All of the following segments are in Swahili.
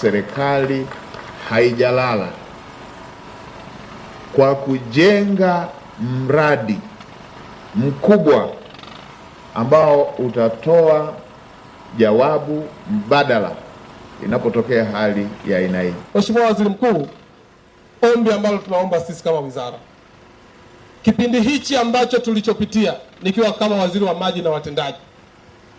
serikali haijalala kwa kujenga mradi mkubwa ambao utatoa jawabu mbadala inapotokea hali ya aina hii. Mheshimiwa Waziri Mkuu, ombi ambalo tunaomba sisi kama wizara, kipindi hichi ambacho tulichopitia nikiwa kama waziri wa maji na watendaji,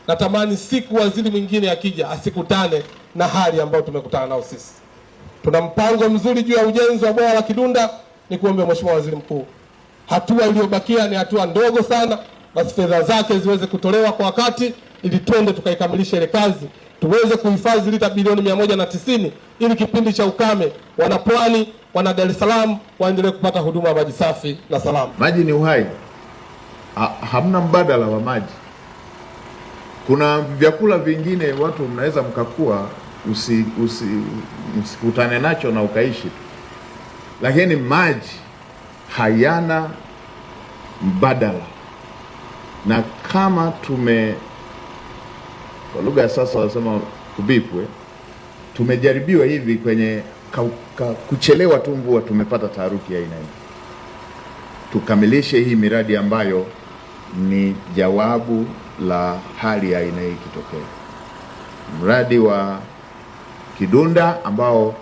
natamani siku waziri mwingine akija asikutane na hali ambayo tumekutana nao sisi. Tuna mpango mzuri juu ya ujenzi wa bwawa la Kidunda. Ni kuombe Mheshimiwa Waziri Mkuu, hatua iliyobakia ni hatua ndogo sana, basi fedha zake ziweze kutolewa kwa wakati, ili twende tukaikamilisha ile kazi, tuweze kuhifadhi lita bilioni mia moja na tisini ili kipindi cha ukame wanapwani wana Dar es Salaam waendelee kupata huduma ya maji safi na salama. Maji ni uhai, ha, hamna mbadala wa maji. Kuna vyakula vingine watu mnaweza mkakua usikutane usi, nacho na ukaishi tu, lakini maji hayana mbadala, na kama tume kwa lugha ya sasa wanasema kubipwe, tumejaribiwa hivi kwenye ka, ka, kuchelewa tu mvua, tumepata taharuki ya aina hii. Tukamilishe hii miradi ambayo ni jawabu la hali ya aina hii ikitokea. Mradi wa Kidunda ambao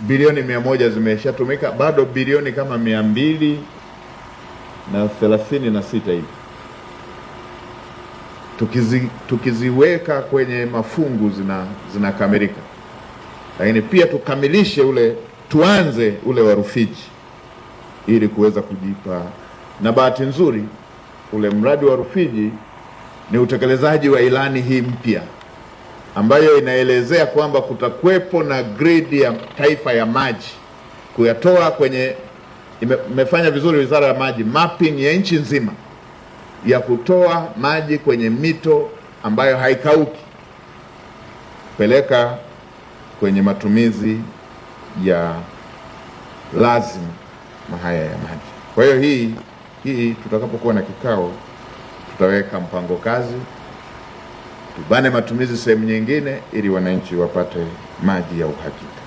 bilioni mia moja zimeshatumika, bado bilioni kama mia mbili na thelathini na sita hivi tukizi, tukiziweka kwenye mafungu zinakamilika, zina lakini pia tukamilishe ule tuanze ule wa Rufiji ili kuweza kujipa, na bahati nzuri ule mradi wa Rufiji ni utekelezaji wa ilani hii mpya ambayo inaelezea kwamba kutakuwepo na gredi ya taifa ya maji kuyatoa kwenye imefanya vizuri Wizara ya Maji mapping ya nchi nzima ya kutoa maji kwenye mito ambayo haikauki peleka kwenye matumizi ya lazima mahaya ya maji. Kwa hiyo hii hii tutakapokuwa na kikao tutaweka mpango kazi tubane matumizi sehemu nyingine ili wananchi wapate maji ya uhakika.